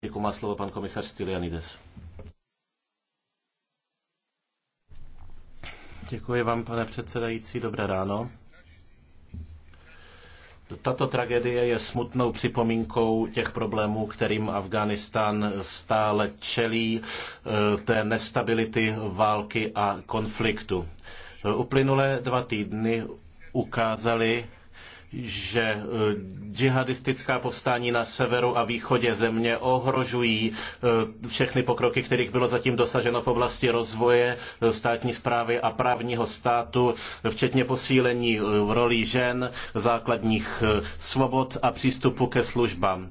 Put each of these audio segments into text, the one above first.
Děkuji, jako má slovo pan komisař Stylianides. Děkuji vám, pane předsedající. Dobré ráno. Tato tragédie je smutnou připomínkou těch problémů, kterým Afghánistán stále čelí, eh, té nestability, války a konfliktu. Uplynulé dva týdny ukázaly, že e, džihadistická povstání na severu a východě země ohrožují e, všechny pokroky, kterých bylo zatím dosaženo v oblasti rozvoje e, státní správy a právního státu, včetně posílení rolí žen, základních svobod a přístupu ke službám.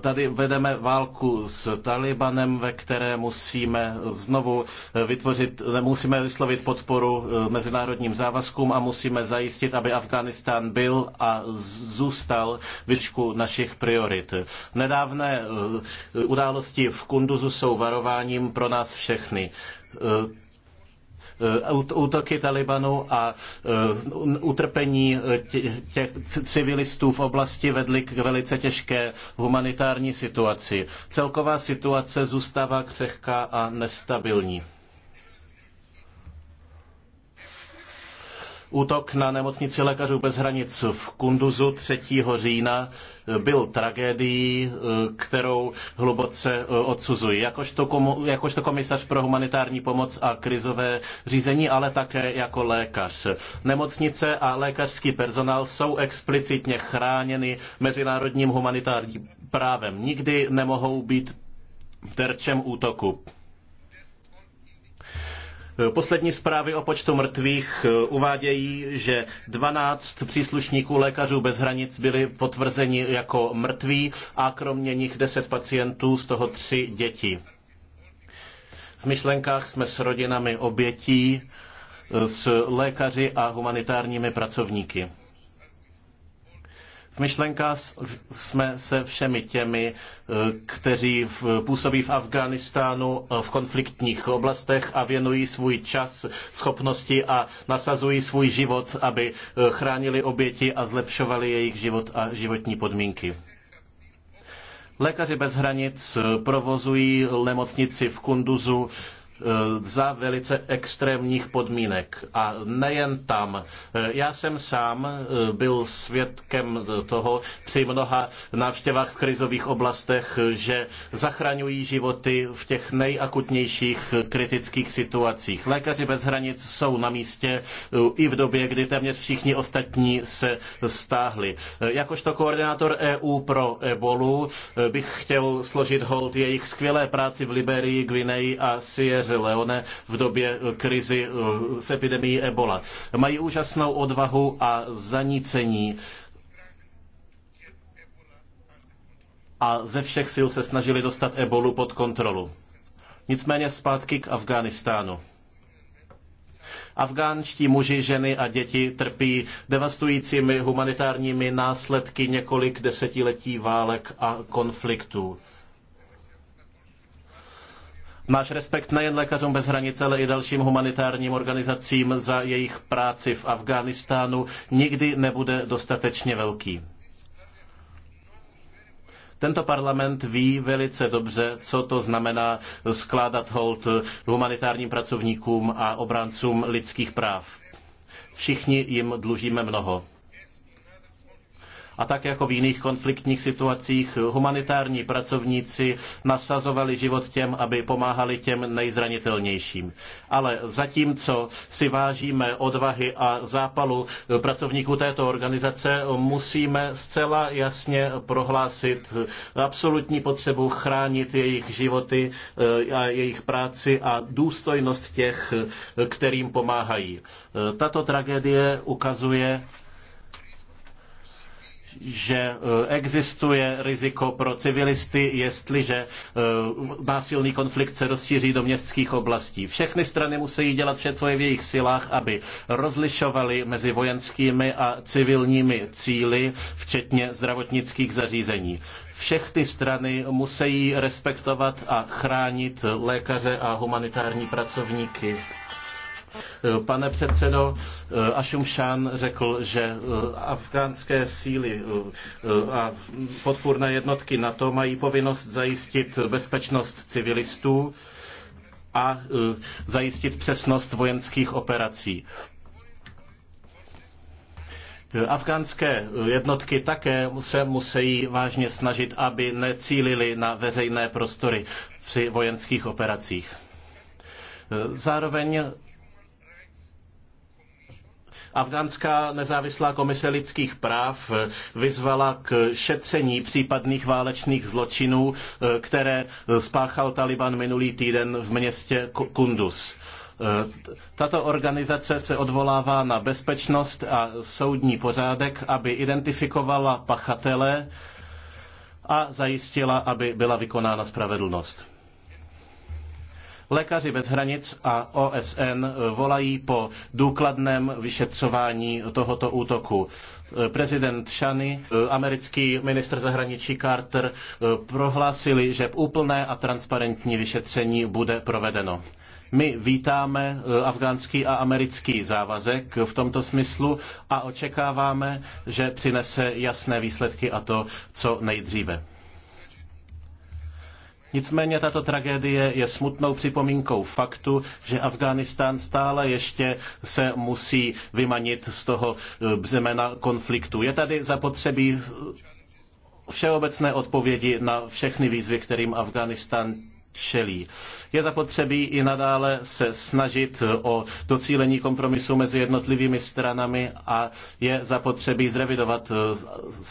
Tady vedeme válku s Talibanem, ve které musíme znovu vytvořit, musíme vyslovit podporu mezinárodním závazkům a musíme zajistit, aby Afghánistán byl a zůstal výšku našich priorit. Nedávné eh, události v Kunduzu jsou varováním pro nás všechny eh, Eh, útoky Talibanu a eh, utrpení eh, těch civilistů v oblasti vedly k velice těžké humanitární situaci. Celková situace zůstává křehká a nestabilní. Útok na nemocnici lékařů bez hranic v Kunduzu 3. října byl tragédií, kterou hluboce e, odsuzuji. Jakožto, komu, jakožto komisař pro humanitární pomoc a krizové řízení, ale také jako lékař. Nemocnice a lékařský personál jsou explicitně chráněny mezinárodním humanitárním právem. Nikdy nemohou být terčem útoku. Poslední zprávy o počtu mrtvých eh, uvádějí, že 12 příslušníků lékařů bez hranic byli potvrzeni jako mrtví a kromě nich 10 pacientů, z toho 3 děti. V myšlenkách jsme s rodinami obětí, eh, s lékaři a humanitárními pracovníky. V myšlenkách jsme se všemi těmi, eh, kteří v, působí v Afghánistánu eh, v konfliktních oblastech a věnují svůj čas, schopnosti a nasazují svůj život, aby eh, chránili oběti a zlepšovali jejich život a životní podmínky. Lékaři bez hranic provozují nemocnici v Kunduzu, Eh, za velice extrémních podmínek. A nejen tam. Eh, já jsem sám eh, byl svědkem toho při mnoha návštěvách v krizových oblastech, že zachraňují životy v těch nejakutnějších kritických situacích. Lékaři bez hranic jsou na místě i v době, kdy téměř všichni ostatní se stáhli. Jakožto koordinátor EU pro ebolu bych chtěl složit hold jejich skvělé práci v Liberii, Gvineji a Sierře Sierra Leone v době eh, krizi eh, s epidemií Ebola. Mají úžasnou odvahu a zanícení a ze všech sil se snažili dostat ebolu pod kontrolu. Nicméně zpátky k Afghánistánu. Afgánští muži, ženy a děti trpí devastujícími humanitárními následky několik desetiletí válek a konfliktů. Náš respekt nejen lékařům bez hranic, ale i dalším humanitárním organizacím za jejich práci v Afghánistánu nikdy nebude dostatečně velký. Tento parlament ví velice dobře, co to znamená skládat hold humanitárním pracovníkům a obráncům lidských práv. Všichni jim dlužíme mnoho. A tak jako v jiných konfliktních situacích humanitární pracovníci nasazovali život těm, aby pomáhali těm nejzranitelnějším. Ale zatímco si vážíme odvahy a zápalu pracovníků této organizace, musíme zcela jasně prohlásit absolutní potřebu chránit jejich životy eh, a jejich práci a důstojnost těch, eh, kterým pomáhají. Eh, tato tragédie ukazuje, že e, existuje riziko pro civilisty, jestliže e, násilný konflikt se rozšíří do městských oblastí. Všechny strany musí dělat vše, co je v jejich silách, aby rozlišovali mezi vojenskými a civilními cíli, včetně zdravotnických zařízení. Všechny strany musí respektovat a chránit lékaře a humanitární pracovníky Eh, pane předsedo, eh, Ashum Shan řekl, že eh, afgánské síly a podpůrné jednotky NATO mají povinnost zajistit bezpečnost civilistů a zajistit přesnost vojenských operací. Afgánské jednotky také se musí vážně snažit, aby necílili na veřejné prostory při vojenských operacích. Zároveň Afgánská nezávislá komise lidských práv eh, vyzvala k šetření případných válečných zločinů, eh, které eh, spáchal Taliban minulý týden v městě Kunduz. Tato organizace se odvolává na bezpečnost a soudní pořádek, aby identifikovala pachatele a zajistila, aby byla vykonána spravedlnost. Lékaři bez hranic a OSN eh, volají po důkladném vyšetřování tohoto útoku eh, prezident Shany, eh, americký ministr zahraničí Carter prohlásili, že úplné a transparentní vyšetření bude provedeno. My vítáme afgánský a americký závazek v tomto smyslu a očekáváme, že přinese jasné výsledky a to co nejdříve. Nicméně tato tragédie je smutnou připomínkou faktu, že Afghánistán stále ještě se musí vymanit z toho eh, břemena konfliktu. Je tady zapotřebí eh, všeobecné odpovědi na všechny výzvy, kterým Afghánistán čelí. Je zapotřebí i nadále se snažit o docílení kompromisu mezi jednotlivými stranami a je zapotřebí zrevidovat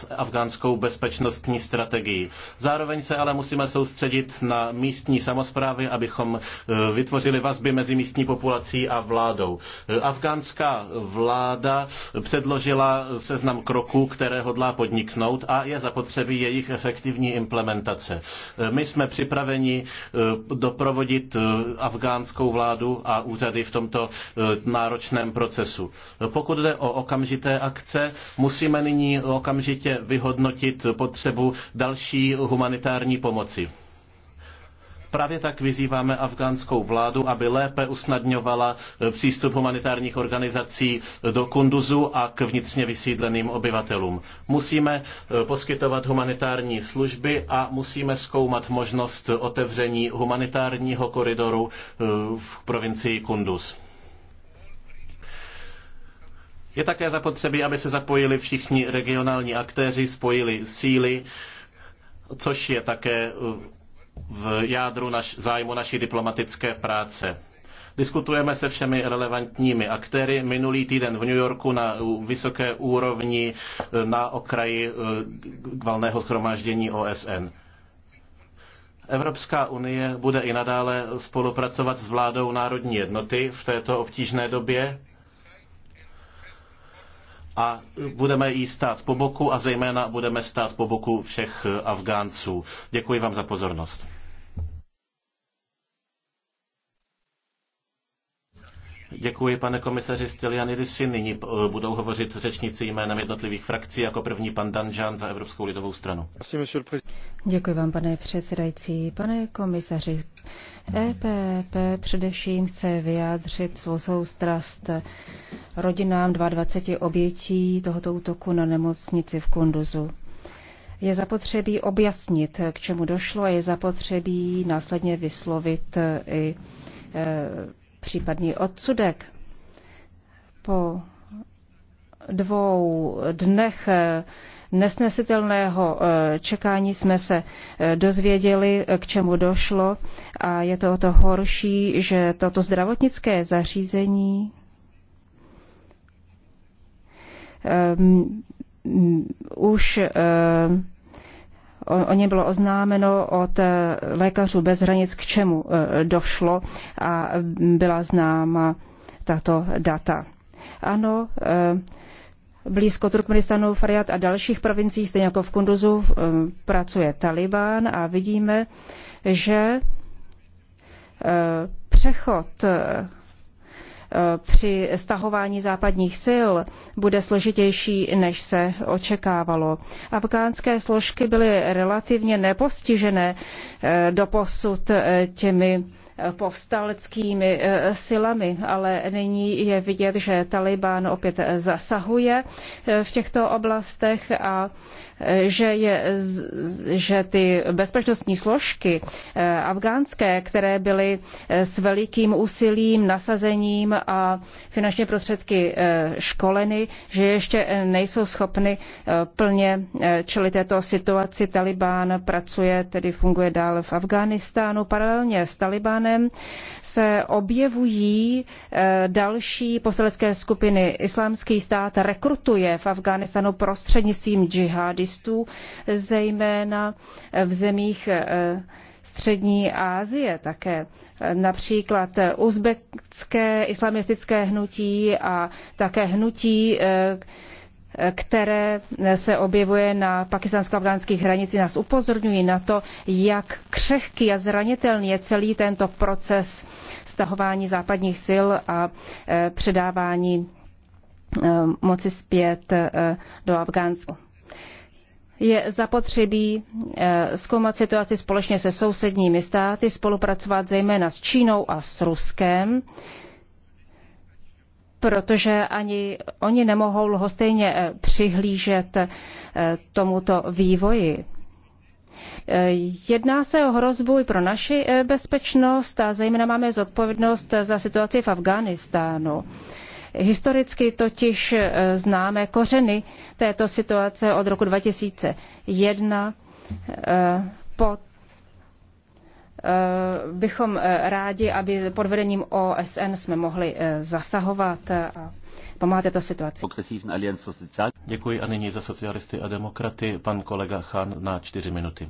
eh, afgánskou bezpečnostní strategii. Zároveň se ale musíme soustředit na místní samozprávy, abychom eh, vytvořili vazby mezi místní populací a vládou. Eh, afgánská vláda předložila seznam kroků, které hodlá podniknout a je zapotřebí jejich efektivní implementace. My jsme připraveni Eh, doprovodit eh, afgánskou vládu a úřady v tomto eh, náročném procesu. Pokud jde o okamžité akce, musíme nyní okamžitě vyhodnotit potřebu další humanitární pomoci. Právě tak vyzýváme afgánskou vládu, aby lépe usnadňovala eh, přístup humanitárních organizací eh, do Kunduzu a k vnitřně vysídleným obyvatelům. Musíme eh, poskytovat humanitární služby a musíme zkoumat možnost otevření humanitárního koridoru v provincii Kunduz. Je také zapotřebí, aby se zapojili všichni regionální aktéři, spojili síly, což je také v jádru naš, zájmu naší diplomatické práce. Diskutujeme se všemi relevantními aktéry. Minulý týden v New Yorku na vysoké úrovni e, na okraji e, valného schromáždění OSN. Evropská unie bude i nadále spolupracovat s vládou národní jednoty v této obtížné době a budeme jí stát po boku a zejména budeme stát po boku všech Afgánců. Děkuji vám za pozornost. Děkuji, pane komisaři Stylianidisi. Nyní eh, budou hovořit řečníci jménem jednotlivých frakcí, jako první pan Danžan za Evropskou lidovou stranu. Děkuji vám, pane předsedající. Pane komisaři, EPP především chce vyjádřit svou soustrast rodinám 22 obětí tohoto útoku na nemocnici v Kunduzu. Je zapotřebí objasnit, k čemu došlo, a je zapotřebí následně vyslovit i eh, případný odsudek. Po dvou dnech eh, nesnesitelného eh, čekání jsme se eh, dozvěděli, k čemu došlo a je to o to horší, že toto zdravotnické zařízení um, už um, o, o něm bylo oznámeno od eh, lékařů bez hranic, k čemu eh, došlo a byla známa tato data. Ano, eh, blízko Turkmenistanu, Fariat a dalších provincií, stejně jako v Kunduzu, pracuje Taliban a vidíme, že přechod Eh, při stahování západních sil bude složitější, než se očekávalo. Afgánské složky byly relativně nepostižené eh, doposud eh, těmi povstaleckými eh, silami, ale nyní je vidět, že Taliban opět zasahuje eh, v těchto oblastech a eh, že, je, že ty bezpečnostní složky afgánské, které byly s velikým úsilím, nasazením a finančně prostředky školeny, že ještě nejsou schopny plně čili této situaci. Taliban pracuje, tedy funguje dál v Afghánistánu paralelně s Taliban Iránem se objevují eh, další postelecké skupiny. Islámský stát rekrutuje v Afghánistánu prostřednictvím džihadistů, zejména v zemích eh, Střední Asie také. Například uzbecké islamistické hnutí a také hnutí, eh, které se objevuje na pakistánsko-afgánských hranicích, nás upozorňují na to, jak křehký a zranitelný je celý tento proces stahování západních sil a e, předávání e, moci zpět e, do Afgánska. Je zapotřebí zkoumat situaci společně se sousedními státy, spolupracovat zejména s Čínou a s Ruskem, protože ani oni nemohou lhostejně eh, přihlížet eh, tomuto vývoji. Eh, jedná se o hrozbu i pro naši bezpečnost a zejména máme zodpovědnost za situaci v Afghánistánu. Historicky totiž známe kořeny této situace od roku 2001 pod Eh, bychom eh, rádi, aby pod vedením OSN jsme mohli eh, zasahovat a pomáhat této situaci. Děkuji a nyní za socialisty a demokraty pan kolega Khan na čtyři minuty.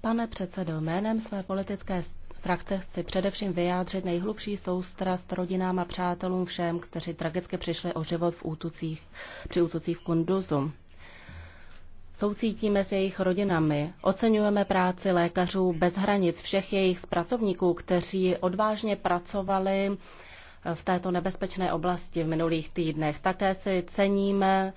Pane předsedo, jménem své politické frakce chci především vyjádřit nejhlubší soustrast rodinám a přátelům všem, kteří tragicky přišli o život v útucích, při útucích v Kunduzu. Soucítíme s jejich rodinami, oceňujeme práci lékařů bez hranic, všech jejich pracovníků, kteří odvážně pracovali v této nebezpečné oblasti v minulých týdnech. Také si ceníme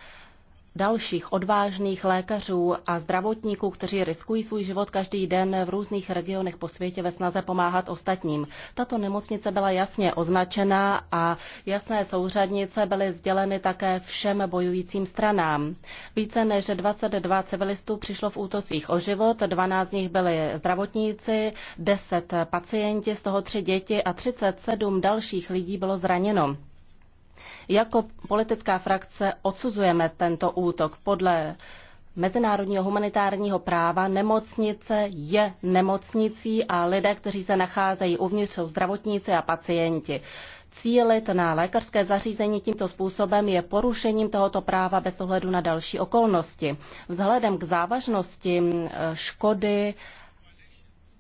dalších odvážných lékařů a zdravotníků, kteří riskují svůj život každý den v různých regionech po světě ve snaze pomáhat ostatním. Tato nemocnice byla jasně označena a jasné souřadnice byly sděleny také všem bojujícím stranám. Více než 22 civilistů přišlo v útocích o život, 12 z nich byli zdravotníci, 10 pacienti, z toho 3 děti a 37 dalších lidí bylo zraněno. Jako politická frakce odsuzujeme tento útok. Podle mezinárodního humanitárního práva nemocnice je nemocnicí a lidé, kteří se nacházejí uvnitř, jsou zdravotníci a pacienti. Cílit na lékařské zařízení tímto způsobem je porušením tohoto práva bez ohledu na další okolnosti. Vzhledem k závažnosti eh, škody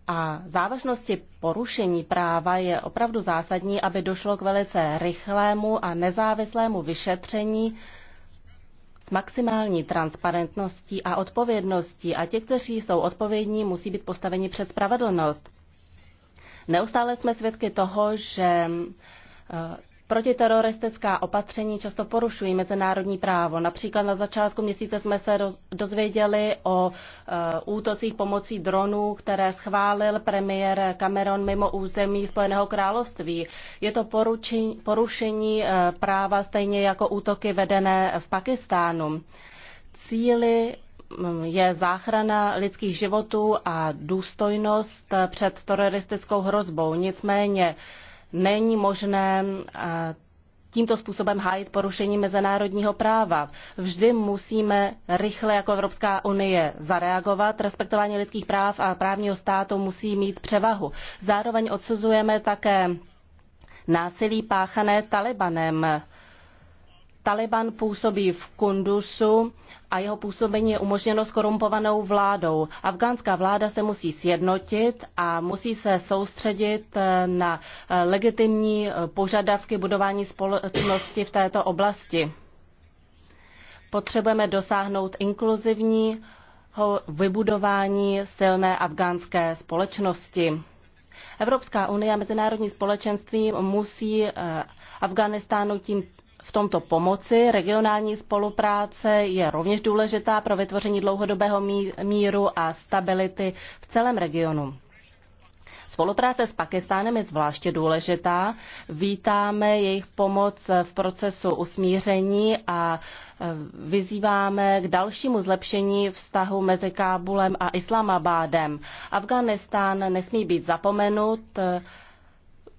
a závažnosti porušení práva je opravdu zásadní, aby došlo k velice rychlému a nezávislému vyšetření s maximální transparentností a odpovědností a ti, kteří jsou odpovědní, musí být postaveni před spravedlnost. Neustále jsme svědky toho, že eh, Protiteroristická opatření často porušují mezinárodní právo. Například na začátku měsíce jsme se dozvěděli o eh, útocích pomocí dronů, které schválil premiér Cameron mimo území Spojeného království. Je to poručení, porušení eh, práva stejně jako útoky vedené v Pakistánu. Cíly hm, je záchrana lidských životů a důstojnost před teroristickou hrozbou. Nicméně není možné eh, tímto způsobem hájit porušení mezinárodního práva. Vždy musíme rychle jako Evropská unie zareagovat. Respektování lidských práv a právního státu musí mít převahu. Zároveň odsuzujeme také násilí páchané Talibanem. Taliban působí v Kundusu a jeho působení je umožněno skorumpovanou vládou. Afgánská vláda se musí sjednotit a musí se soustředit eh, na eh, legitimní eh, požadavky budování společnosti v této oblasti. Potřebujeme dosáhnout inkluzivní vybudování silné afgánské společnosti. Evropská unie a mezinárodní společenství musí Afganistánu tím v tomto pomoci. Regionální spolupráce je rovněž důležitá pro vytvoření dlouhodobého míru a stability v celém regionu. Spolupráce s Pakistánem je zvláště důležitá. Vítáme jejich pomoc v procesu usmíření a e, vyzýváme k dalšímu zlepšení vztahu mezi Kábulem a Islamabádem. Afganistán nesmí být zapomenut e,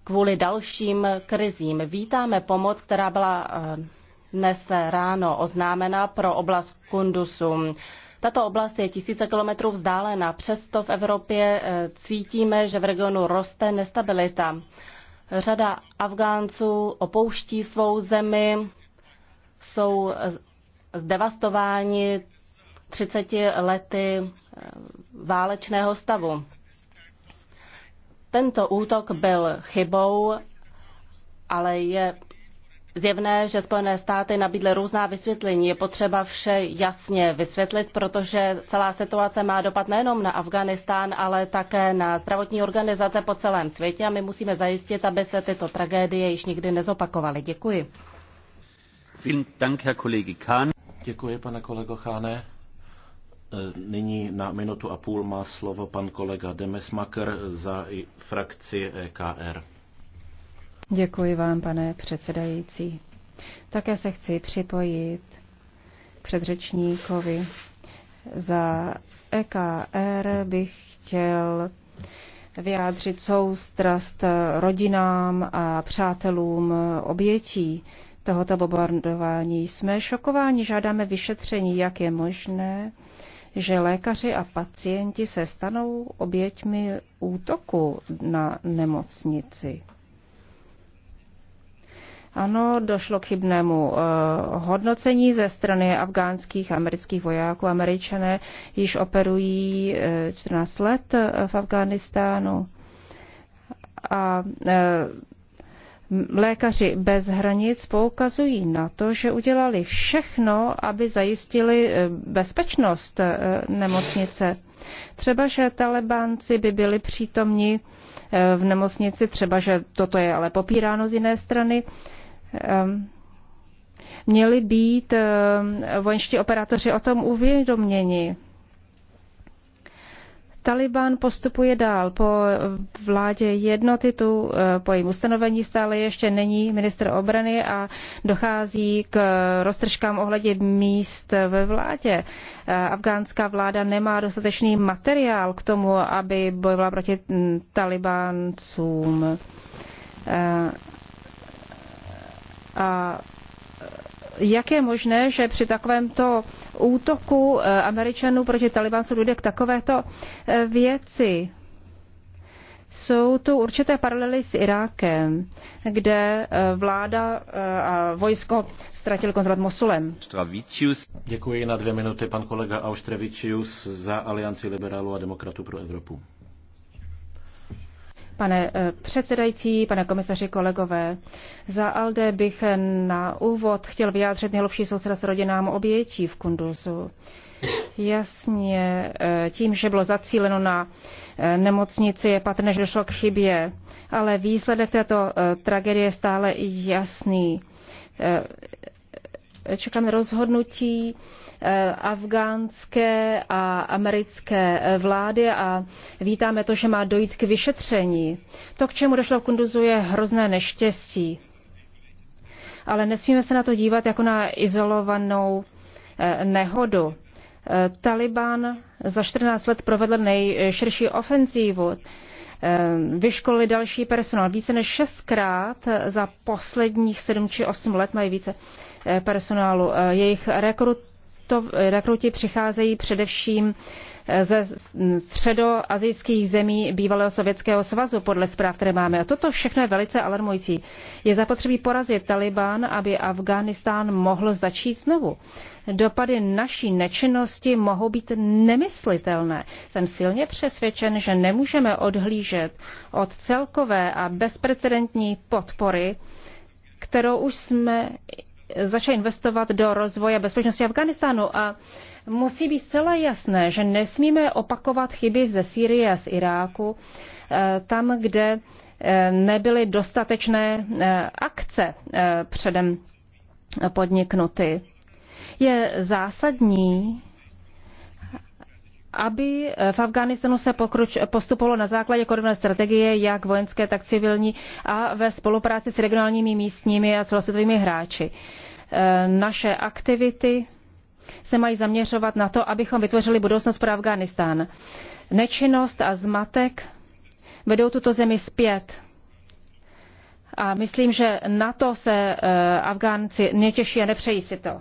kvůli dalším krizím. Vítáme pomoc, která byla eh, dnes ráno oznámena pro oblast Kundusu. Tato oblast je tisíce kilometrů vzdálená, přesto v Evropě eh, cítíme, že v regionu roste nestabilita. Řada Afgánců opouští svou zemi, jsou eh, zdevastováni 30 lety válečného stavu. Tento útok byl chybou, ale je zjevné, že Spojené státy nabídly různá vysvětlení. Je potřeba vše jasně vysvětlit, protože celá situace má dopad nejenom na Afganistán, ale také na zdravotní organizace po celém světě a my musíme zajistit, aby se tyto tragédie již nikdy nezopakovaly. Děkuji. Děkuji, pane kolego Cháne. E, nyní na minutu a půl má slovo pan kolega Demesmaker za frakci EKR. Děkuji vám, pane předsedající. Také se chci připojit k předřečníkovi. Za EKR bych chtěl vyjádřit soustrast rodinám a přátelům obětí tohoto bombardování. Jsme šokováni, žádáme vyšetření, jak je možné, že lékaři a pacienti se stanou oběťmi útoku na nemocnici. Ano, došlo k chybnému uh, hodnocení ze strany afgánských amerických vojáků. Američané již operují uh, eh, 14 let eh, v Afghánistánu. A uh, Lékaři bez hranic poukazují na to, že udělali všechno, aby zajistili eh, bezpečnost eh, nemocnice. Třeba, že talebánci by byli přítomni eh, v nemocnici, třeba, že toto je ale popíráno z jiné strany, ehm, měli být ehm, vojenští operátoři o tom uvědoměni. Taliban postupuje dál. Po vládě jednoty tu eh, po jejím ustanovení stále ještě není minister obrany a dochází k roztržkám ohledě míst ve vládě. Eh, afgánská vláda nemá dostatečný materiál k tomu, aby bojovala proti hm, talibáncům. Eh, a jak je možné, že při takovémto útoku eh, Američanů proti Talibancům dojde k takovéto eh, věci? Jsou tu určité paralely s Irákem, kde eh, vláda a vojsko ztratil kontrol nad Mosulem. Děkuji na dvě minuty pan kolega Austrevičius za Alianci liberálů a demokratů pro Evropu. Pane eh, předsedající, pane komisaři, kolegové, za ALDE bych na úvod chtěl vyjádřit nejlepší soustrast rodinám obětí v Kunduzu. Jasně, eh, tím, že bylo zacíleno na eh, nemocnici, je patrné, že došlo k chybě, ale výsledek této tragédie je stále jasný. Čekáme rozhodnutí Eh, afgánské a americké eh, vlády a vítáme to, že má dojít k vyšetření. To, k čemu došlo v Kunduzu, je hrozné neštěstí. Ale nesmíme se na to dívat jako na izolovanou eh, nehodu. Taliban za 14 let provedl nejširší ofenzívu vyškolili další personál. Více než šestkrát za posledních sedm či osm let mají více personálu. Jejich rekrut Rekruto, rekruti přicházejí především eh, ze středoazijských zemí bývalého Sovětského svazu, podle zpráv, které máme. A toto všechno je velice alarmující. Je zapotřebí porazit Taliban, aby Afghánistán mohl začít znovu. Dopady naší nečinnosti mohou být nemyslitelné. Jsem silně přesvědčen, že nemůžeme odhlížet od celkové a bezprecedentní podpory, kterou už jsme začal investovat do rozvoje bezpečnosti Afganistánu a musí být zcela jasné, že nesmíme opakovat chyby ze Sýrie a z Iráku, eh, tam, kde eh, nebyly dostatečné eh, akce předem podniknuty. Je zásadní, aby eh, v Afganistanu se pokruč, postupovalo na základě koordinované strategie, jak vojenské, tak civilní, a ve spolupráci s regionálními místními a celosvětovými hráči. Eh, naše aktivity se mají zaměřovat na to, abychom vytvořili budoucnost pro Afghánistán. Nečinnost a zmatek vedou tuto zemi zpět. A myslím, že na to se eh, Afgánci netěší a nepřejí si to.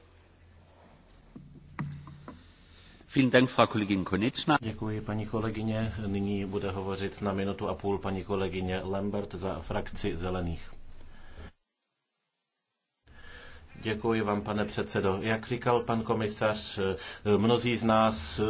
Děkuji, paní kolegyně. Nyní bude hovořit na minutu a půl paní kolegyně Lambert za frakci Zelených. Děkuji vám, pane předsedo. Jak říkal pan komisař, mnozí z nás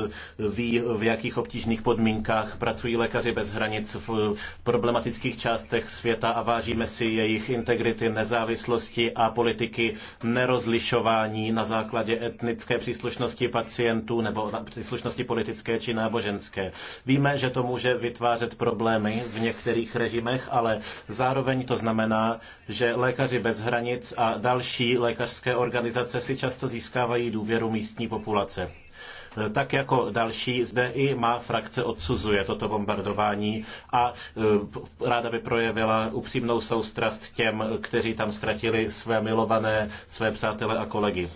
ví, v jakých obtížných podmínkách pracují lékaři bez hranic v problematických částech světa a vážíme si jejich integrity, nezávislosti a politiky nerozlišování na základě etnické příslušnosti pacientů nebo příslušnosti politické či náboženské. Víme, že to může vytvářet problémy v některých režimech, ale zároveň to znamená, že lékaři bez hranic a další lékaři lékařské organizace si často získávají důvěru místní populace. E, tak jako další, zde i má frakce odsuzuje toto bombardování a e, ráda by projevila upřímnou soustrast těm, kteří tam ztratili své milované, své přátele a kolegy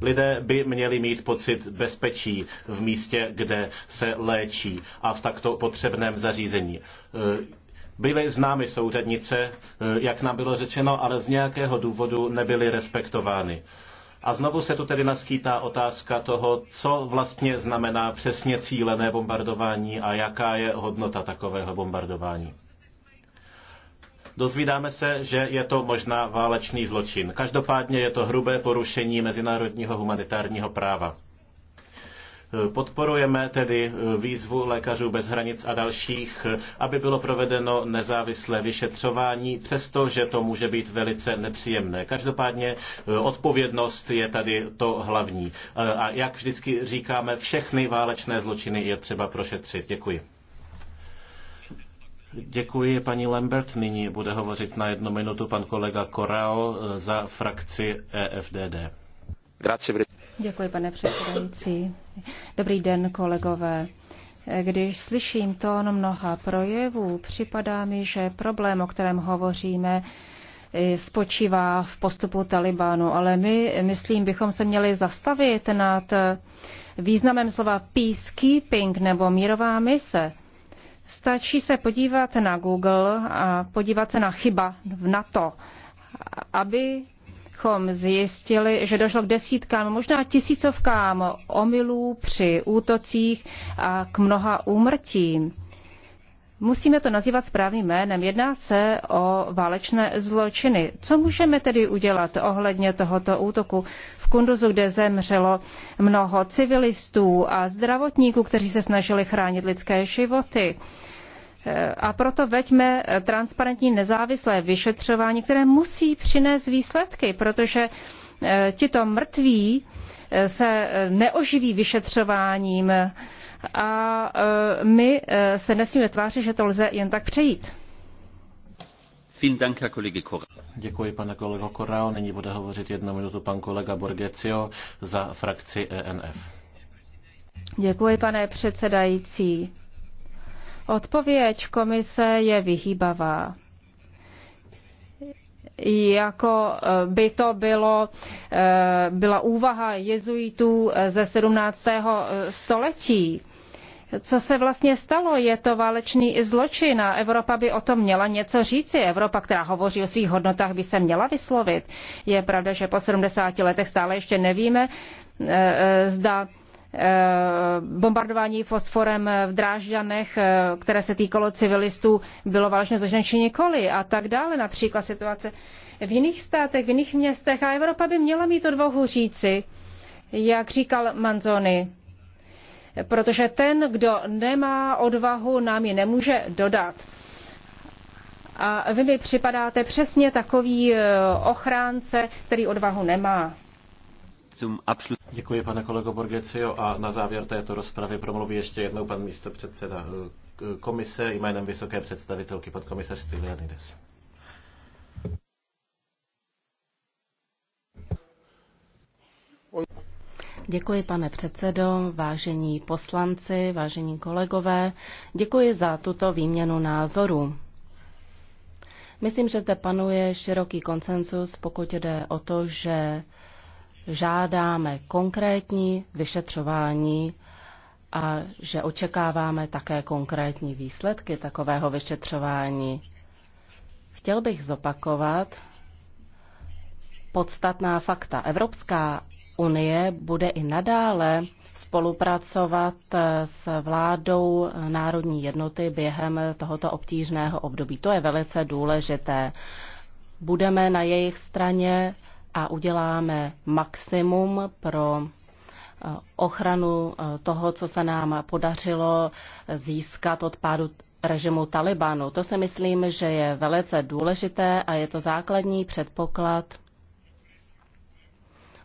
lidé by měli mít pocit bezpečí v místě, kde se léčí a v takto potřebném zařízení. E, Byly známy souřadnice, eh, jak nám bylo řečeno, ale z nějakého důvodu nebyly respektovány. A znovu se tu tedy naskýtá otázka toho, co vlastně znamená přesně cílené bombardování a jaká je hodnota takového bombardování. Dozvídáme se, že je to možná válečný zločin. Každopádně je to hrubé porušení mezinárodního humanitárního práva. Podporujeme tedy eh, výzvu lékařů bez hranic a dalších, eh, aby bylo provedeno nezávislé vyšetřování, přestože to může být velice nepříjemné. Každopádně eh, odpovědnost je tady to hlavní. A jak vždycky říkáme, všechny válečné zločiny je třeba prošetřit. Děkuji. Děkuji, paní Lambert. Nyní bude hovořit na jednu minutu pan kolega Korao za frakci EFDD. Grazie, Děkuji, pane předsedající. Dobrý den, kolegové. Když slyším tón mnoha projevů, připadá mi, že problém, o kterém hovoříme, spočívá v postupu Talibánu, ale my, myslím, bychom se měli zastavit nad významem slova peacekeeping nebo mírová mise. Stačí se podívat na Google a podívat se na chyba v NATO, aby abychom zjistili, že došlo k desítkám, možná tisícovkám omylů při útocích a k mnoha úmrtím. Musíme to nazývat správným jménem. Jedná se o válečné zločiny. Co můžeme tedy udělat ohledně tohoto útoku v Kunduzu, kde zemřelo mnoho civilistů a zdravotníků, kteří se snažili chránit lidské životy? Eh, a proto veďme eh, transparentní nezávislé vyšetřování, které musí přinést výsledky, protože eh, tito mrtví se neoživí vyšetřováním a my se nesmíme tvářit, že to lze jen tak přejít. Děkuji, pane kolego Korao. Nyní bude hovořit jednu minutu pan kolega Borgecio za frakci ENF. Děkuji, pane předsedající. Odpověď komise je vyhýbavá jako eh, by to bylo, eh, byla úvaha jezuitů eh, ze 17. století. Co se vlastně stalo? Je to válečný zločin a Evropa by o tom měla něco říci. Evropa, která hovoří o svých hodnotách, by se měla vyslovit. Je pravda, že po 70 letech stále ještě nevíme, zda Eh, bombardování fosforem v Drážďanech, eh, které se týkalo civilistů, bylo válečné zložené či nikoli a tak dále. Například situace v jiných státech, v jiných městech a Evropa by měla mít odvahu říci, jak říkal Manzoni, protože ten, kdo nemá odvahu, nám ji nemůže dodat. A vy mi připadáte přesně takový eh, ochránce, který odvahu nemá. Děkuji, pane kolego Borgecio. A na závěr této rozpravy promluví ještě jednou pan místo předseda eh, eh, komise jménem vysoké představitelky pod komisařství Stylianides. Děkuji, pane předsedo, vážení poslanci, vážení kolegové. Děkuji za tuto výměnu názorů. Myslím, že zde panuje široký konsenzus pokud jde o to, že žádáme konkrétní vyšetřování a že očekáváme také konkrétní výsledky takového vyšetřování. Chtěl bych zopakovat podstatná fakta. Evropská unie bude i nadále spolupracovat s vládou Národní jednoty během tohoto obtížného období. To je velice důležité. Budeme na jejich straně a uděláme maximum pro eh, ochranu eh, toho, co se nám podařilo získat od pádu režimu Talibanu. To si myslím, že je velice důležité a je to základní předpoklad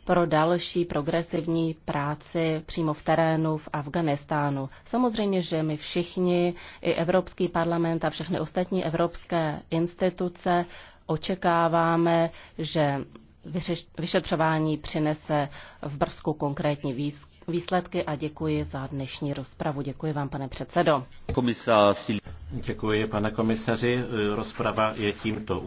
pro další progresivní práci přímo v terénu v Afganistánu. Samozřejmě, že my všichni, i Evropský parlament a všechny ostatní evropské instituce očekáváme, že vyšetřování přinese v Brzku konkrétní výsledky a děkuji za dnešní rozpravu. Děkuji vám, pane předsedo. Děkuji, pane komisaři. Rozprava je tímto